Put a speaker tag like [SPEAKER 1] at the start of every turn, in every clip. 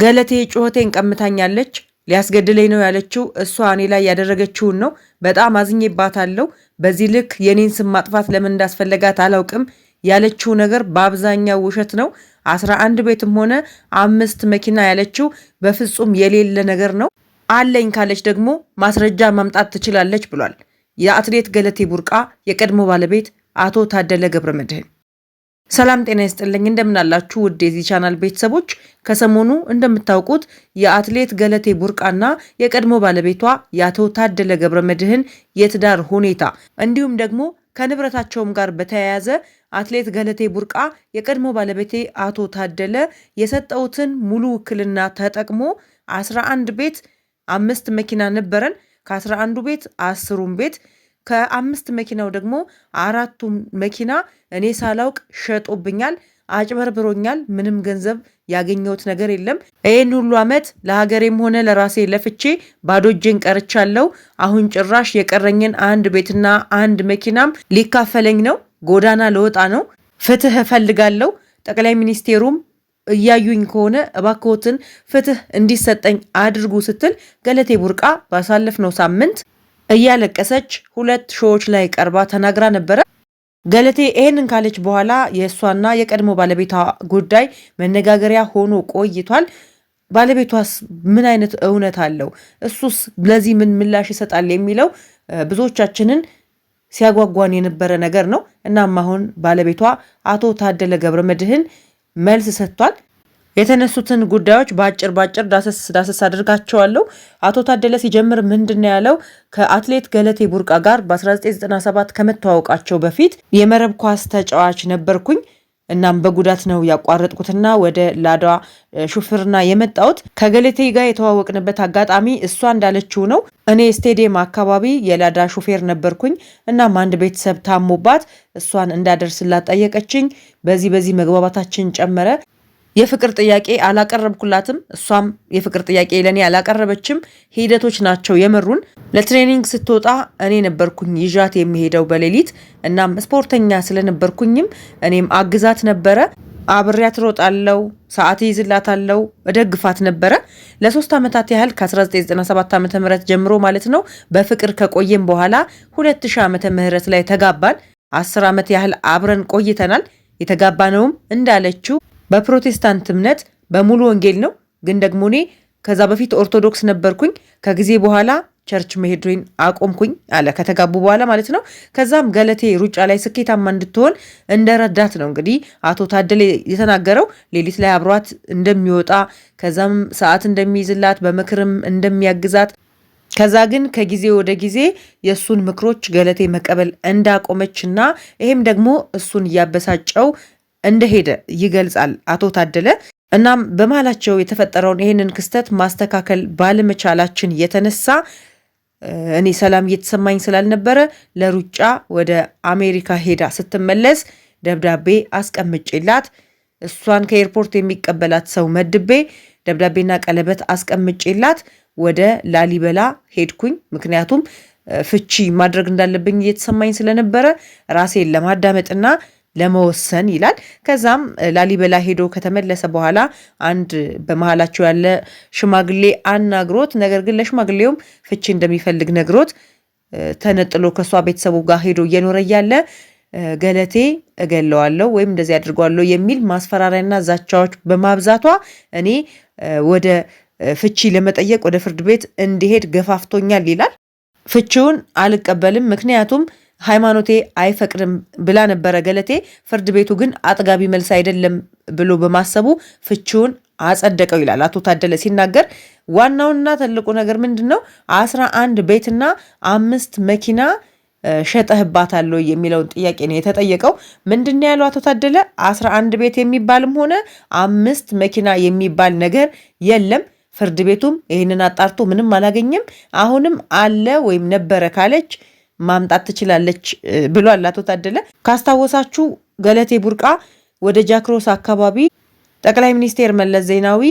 [SPEAKER 1] ገለቴ ጩኸቴን ቀምታኛለች፣ ሊያስገድለኝ ነው ያለችው እሷ እኔ ላይ ያደረገችውን ነው። በጣም አዝኜባታለሁ። በዚህ ልክ የኔን ስም ማጥፋት ለምን እንዳስፈለጋት አላውቅም። ያለችው ነገር በአብዛኛው ውሸት ነው። አስራ አንድ ቤትም ሆነ አምስት መኪና ያለችው በፍጹም የሌለ ነገር ነው። አለኝ ካለች ደግሞ ማስረጃ ማምጣት ትችላለች ብሏል የአትሌት ገለቴ ቡርቃ የቀድሞ ባለቤት አቶ ታደለ ገብረ መድህን። ሰላም ጤና ይስጥልኝ እንደምናላችሁ ውድ የዚህ ቻናል ቤተሰቦች፣ ከሰሞኑ እንደምታውቁት የአትሌት ገለቴ ቡርቃና የቀድሞ ባለቤቷ የአቶ ታደለ ገብረ መድህን የትዳር ሁኔታ እንዲሁም ደግሞ ከንብረታቸውም ጋር በተያያዘ አትሌት ገለቴ ቡርቃ የቀድሞ ባለቤቴ አቶ ታደለ የሰጠውትን ሙሉ ውክልና ተጠቅሞ 11 ቤት አምስት መኪና ነበረን ከ 11 ቤት አስሩን ቤት ከአምስት መኪናው ደግሞ አራቱ መኪና እኔ ሳላውቅ ሸጦብኛል፣ አጭበርብሮኛል፣ ምንም ገንዘብ ያገኘሁት ነገር የለም። ይህን ሁሉ ዓመት ለሀገሬም ሆነ ለራሴ ለፍቼ ባዶ እጄን ቀርቻለሁ። አሁን ጭራሽ የቀረኝን አንድ ቤትና አንድ መኪናም ሊካፈለኝ ነው። ጎዳና ለወጣ ነው። ፍትህ እፈልጋለሁ። ጠቅላይ ሚኒስቴሩም እያዩኝ ከሆነ እባክዎትን ፍትህ እንዲሰጠኝ አድርጉ ስትል ገለቴ ቡርቃ ባሳለፍነው ሳምንት እያለቀሰች ሁለት ሾዎች ላይ ቀርባ ተናግራ ነበረ። ገለቴ ይህንን ካለች በኋላ የእሷና የቀድሞ ባለቤቷ ጉዳይ መነጋገሪያ ሆኖ ቆይቷል። ባለቤቷስ ምን አይነት እውነት አለው? እሱስ ለዚህ ምን ምላሽ ይሰጣል? የሚለው ብዙዎቻችንን ሲያጓጓን የነበረ ነገር ነው። እናም አሁን ባለቤቷ አቶ ታደለ ገብረ መድህን መልስ ሰጥቷል። የተነሱትን ጉዳዮች በአጭር በአጭር ዳሰስ ዳሰስ አድርጋቸዋለሁ። አቶ ታደለ ሲጀምር ምንድን ያለው? ከአትሌት ገለቴ ቡርቃ ጋር በ1997 ከመተዋወቃቸው በፊት የመረብ ኳስ ተጫዋች ነበርኩኝ። እናም በጉዳት ነው ያቋረጥኩትና ወደ ላዳ ሹፍርና የመጣሁት ከገለቴ ጋር የተዋወቅንበት አጋጣሚ እሷ እንዳለችው ነው። እኔ ስቴዲየም አካባቢ የላዳ ሹፌር ነበርኩኝ። እናም አንድ ቤተሰብ ታሞባት እሷን እንዳደርስላት ጠየቀችኝ። በዚህ በዚህ መግባባታችን ጨመረ። የፍቅር ጥያቄ አላቀረብኩላትም፣ እሷም የፍቅር ጥያቄ ለእኔ አላቀረበችም። ሂደቶች ናቸው የመሩን። ለትሬኒንግ ስትወጣ እኔ ነበርኩኝ ይዣት የሚሄደው በሌሊት። እናም ስፖርተኛ ስለነበርኩኝም እኔም አግዛት ነበረ። አብሬያት ሮጣለው፣ ሰዓት ይዝላታለው፣ እደግፋት ነበረ። ለሶስት ዓመታት ያህል ከ1997 ዓ ም ጀምሮ ማለት ነው በፍቅር ከቆየም በኋላ 2000 ዓ ምህረት ላይ ተጋባን። አስር ዓመት ያህል አብረን ቆይተናል። የተጋባነውም እንዳለችው በፕሮቴስታንት እምነት በሙሉ ወንጌል ነው። ግን ደግሞ እኔ ከዛ በፊት ኦርቶዶክስ ነበርኩኝ። ከጊዜ በኋላ ቸርች መሄድን አቆምኩኝ አለ። ከተጋቡ በኋላ ማለት ነው። ከዛም ገለቴ ሩጫ ላይ ስኬታማ እንድትሆን እንደረዳት ነው እንግዲህ አቶ ታደለ የተናገረው። ሌሊት ላይ አብሯት እንደሚወጣ ከዛም ሰዓት እንደሚይዝላት በምክርም እንደሚያግዛት ከዛ ግን ከጊዜ ወደ ጊዜ የእሱን ምክሮች ገለቴ መቀበል እንዳቆመች እና ይሄም ደግሞ እሱን እያበሳጨው እንደሄደ ይገልጻል አቶ ታደለ። እናም በመሀላቸው የተፈጠረውን ይህንን ክስተት ማስተካከል ባለመቻላችን የተነሳ እኔ ሰላም እየተሰማኝ ስላልነበረ ለሩጫ ወደ አሜሪካ ሄዳ ስትመለስ ደብዳቤ አስቀምጬላት እሷን ከኤርፖርት የሚቀበላት ሰው መድቤ ደብዳቤና ቀለበት አስቀምጬላት ወደ ላሊበላ ሄድኩኝ። ምክንያቱም ፍቺ ማድረግ እንዳለብኝ እየተሰማኝ ስለነበረ ራሴን ለማዳመጥና ለመወሰን ይላል። ከዛም ላሊበላ ሄዶ ከተመለሰ በኋላ አንድ በመሀላቸው ያለ ሽማግሌ አናግሮት፣ ነገር ግን ለሽማግሌውም ፍቺ እንደሚፈልግ ነግሮት ተነጥሎ ከእሷ ቤተሰቡ ጋር ሄዶ እየኖረ እያለ ገለቴ እገለዋለሁ ወይም እንደዚህ አድርጓለሁ የሚል ማስፈራሪያና ዛቻዎች በማብዛቷ እኔ ወደ ፍቺ ለመጠየቅ ወደ ፍርድ ቤት እንዲሄድ ገፋፍቶኛል ይላል። ፍቺውን አልቀበልም ምክንያቱም ሃይማኖቴ አይፈቅድም ብላ ነበረ ገለቴ። ፍርድ ቤቱ ግን አጥጋቢ መልስ አይደለም ብሎ በማሰቡ ፍቺውን አጸደቀው ይላል አቶ ታደለ ሲናገር። ዋናውና ትልቁ ነገር ምንድን ነው? አስራ አንድ ቤትና አምስት መኪና ሸጠህባታል የሚለውን ጥያቄ ነው የተጠየቀው። ምንድን ነው ያለው አቶ ታደለ? አስራ አንድ ቤት የሚባልም ሆነ አምስት መኪና የሚባል ነገር የለም። ፍርድ ቤቱም ይህንን አጣርቶ ምንም አላገኘም። አሁንም አለ ወይም ነበረ ካለች ማምጣት ትችላለች ብሏል አቶ ታደለ። ካስታወሳችሁ ገለቴ ቡርቃ ወደ ጃክሮስ አካባቢ ጠቅላይ ሚኒስቴር መለስ ዜናዊ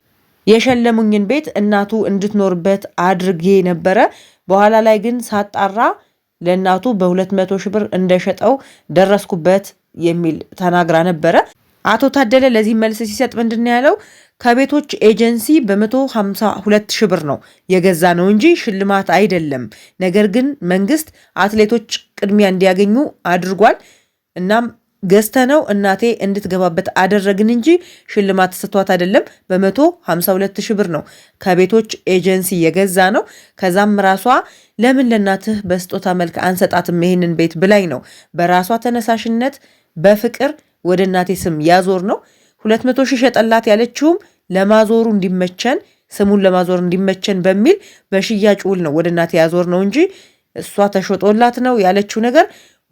[SPEAKER 1] የሸለሙኝን ቤት እናቱ እንድትኖርበት አድርጌ ነበረ። በኋላ ላይ ግን ሳጣራ ለእናቱ በ200 ሺህ ብር እንደሸጠው ደረስኩበት የሚል ተናግራ ነበረ። አቶ ታደለ ለዚህ መልስ ሲሰጥ ምንድን ያለው ከቤቶች ኤጀንሲ በ152 ሺ ብር ነው የገዛ ነው እንጂ ሽልማት አይደለም። ነገር ግን መንግስት አትሌቶች ቅድሚያ እንዲያገኙ አድርጓል። እናም ገዝተ ነው እናቴ እንድትገባበት አደረግን እንጂ ሽልማት ስቷት አይደለም። በ152 ሺህ ብር ነው ከቤቶች ኤጀንሲ የገዛ ነው። ከዛም ራሷ ለምን ለእናትህ በስጦታ መልክ አንሰጣትም ይህንን ቤት ብላኝ ነው በራሷ ተነሳሽነት በፍቅር ወደ እናቴ ስም ያዞር ነው። 200 ሺህ ሸጠላት ያለችውም ለማዞሩ እንዲመቸን ስሙን ለማዞር እንዲመቸን በሚል በሽያጭ ውል ነው ወደ እናቴ ያዞር ነው እንጂ እሷ ተሸጦላት ነው ያለችው ነገር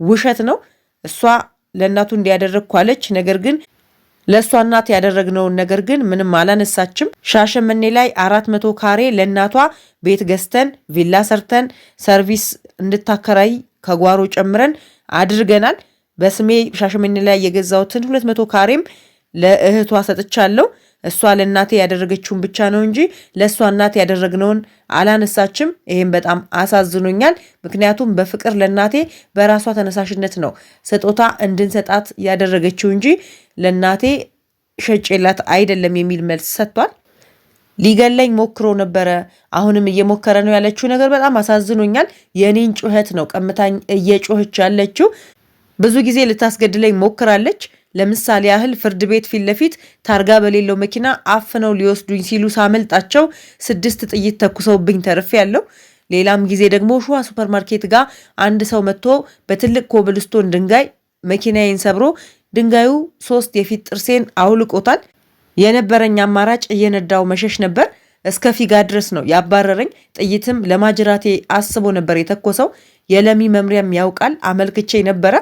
[SPEAKER 1] ውሸት ነው። እሷ ለእናቱ እንዲያደረግኩ አለች። ነገር ግን ለእሷ እናት ያደረግነውን ነገር ግን ምንም አላነሳችም። ሻሸመኔ ላይ አራት መቶ ካሬ ለእናቷ ቤት ገዝተን ቪላ ሰርተን ሰርቪስ እንድታከራይ ከጓሮ ጨምረን አድርገናል። በስሜ ሻሸመኔ ላይ የገዛሁትን ሁለት መቶ ካሬም ለእህቷ ሰጥቻለሁ። እሷ ለእናቴ ያደረገችውን ብቻ ነው እንጂ ለእሷ እናት ያደረግነውን አላነሳችም። ይህም በጣም አሳዝኖኛል። ምክንያቱም በፍቅር ለእናቴ በራሷ ተነሳሽነት ነው ስጦታ እንድንሰጣት ያደረገችው እንጂ ለእናቴ ሸጬላት አይደለም የሚል መልስ ሰጥቷል። ሊገለኝ ሞክሮ ነበረ፣ አሁንም እየሞከረ ነው ያለችው ነገር በጣም አሳዝኖኛል። የኔን ጩኸት ነው ቀምታኝ እየጮኸች ያለችው። ብዙ ጊዜ ልታስገድለኝ ሞክራለች። ለምሳሌ ያህል ፍርድ ቤት ፊት ለፊት ታርጋ በሌለው መኪና አፍነው ሊወስዱኝ ሲሉ ሳመልጣቸው ስድስት ጥይት ተኩሰውብኝ ተርፍ ያለው። ሌላም ጊዜ ደግሞ ሸዋ ሱፐርማርኬት ጋር አንድ ሰው መጥቶ በትልቅ ኮብልስቶን ድንጋይ መኪናዬን ሰብሮ ድንጋዩ ሶስት የፊት ጥርሴን አውልቆታል። የነበረኝ አማራጭ እየነዳው መሸሽ ነበር። እስከ ፊጋ ድረስ ነው ያባረረኝ። ጥይትም ለማጅራቴ አስቦ ነበር የተኮሰው። የለሚ መምሪያም ያውቃል። አመልክቼ ነበረ።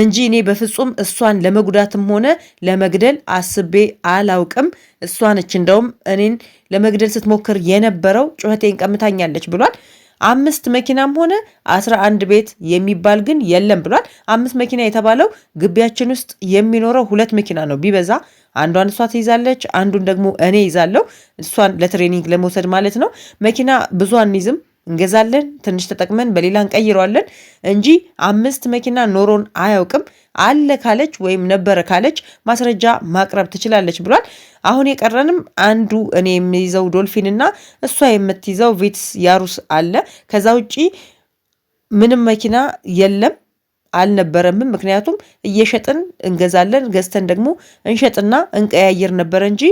[SPEAKER 1] እንጂ እኔ በፍጹም እሷን ለመጉዳትም ሆነ ለመግደል አስቤ አላውቅም። እሷ ነች እንደውም እኔን ለመግደል ስትሞክር የነበረው ጩኸቴን ቀምታኛለች ብሏል። አምስት መኪናም ሆነ አስራ አንድ ቤት የሚባል ግን የለም ብሏል። አምስት መኪና የተባለው ግቢያችን ውስጥ የሚኖረው ሁለት መኪና ነው ቢበዛ። አንዷን እሷ ትይዛለች፣ አንዱን ደግሞ እኔ ይዛለሁ። እሷን ለትሬኒንግ ለመውሰድ ማለት ነው። መኪና ብዙ አንይዝም እንገዛለን፣ ትንሽ ተጠቅመን በሌላ እንቀይረዋለን እንጂ አምስት መኪና ኖሮን አያውቅም። አለ ካለች ወይም ነበረ ካለች ማስረጃ ማቅረብ ትችላለች ብሏል። አሁን የቀረንም አንዱ እኔ የሚይዘው ዶልፊን እና እሷ የምትይዘው ቪትስ ያሩስ አለ። ከዛ ውጪ ምንም መኪና የለም አልነበረምም። ምክንያቱም እየሸጥን እንገዛለን፣ ገዝተን ደግሞ እንሸጥና እንቀያየር ነበረ እንጂ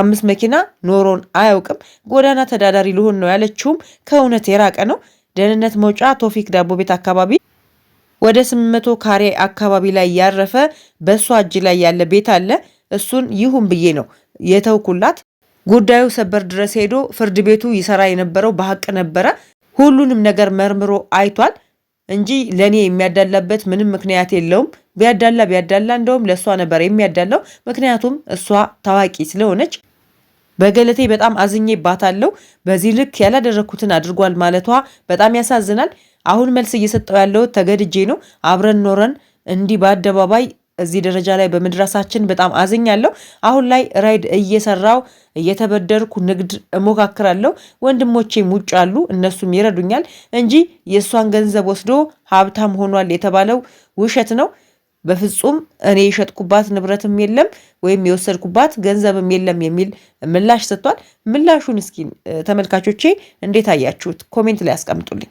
[SPEAKER 1] አምስት መኪና ኖሮን አያውቅም። ጎዳና ተዳዳሪ ልሆን ነው ያለችውም ከእውነት የራቀ ነው። ደህንነት መውጫ ቶፊክ ዳቦ ቤት አካባቢ ወደ 8መቶ ካሬ አካባቢ ላይ ያረፈ በእሷ እጅ ላይ ያለ ቤት አለ። እሱን ይሁን ብዬ ነው የተውኩላት። ጉዳዩ ሰበር ድረስ ሄዶ ፍርድ ቤቱ ይሰራ የነበረው በሀቅ ነበረ። ሁሉንም ነገር መርምሮ አይቷል እንጂ ለእኔ የሚያዳላበት ምንም ምክንያት የለውም። ቢያዳላ ቢያዳላ እንደውም ለእሷ ነበር የሚያዳላው። ምክንያቱም እሷ ታዋቂ ስለሆነች በገለቴ በጣም አዝኜባታለሁ። በዚህ ልክ ያላደረግኩትን አድርጓል ማለቷ በጣም ያሳዝናል። አሁን መልስ እየሰጠው ያለው ተገድጄ ነው። አብረን ኖረን እንዲህ በአደባባይ እዚህ ደረጃ ላይ በመድረሳችን በጣም አዝኛለሁ። አሁን ላይ ራይድ እየሰራው እየተበደርኩ ንግድ እሞካክራለሁ። ወንድሞቼም ውጭ አሉ፣ እነሱም ይረዱኛል እንጂ የእሷን ገንዘብ ወስዶ ሀብታም ሆኗል የተባለው ውሸት ነው። በፍጹም እኔ የሸጥኩባት ንብረትም የለም ወይም የወሰድኩባት ገንዘብም የለም የሚል ምላሽ ሰጥቷል። ምላሹን እስኪ ተመልካቾቼ እንዴት አያችሁት? ኮሜንት ላይ አስቀምጡልኝ።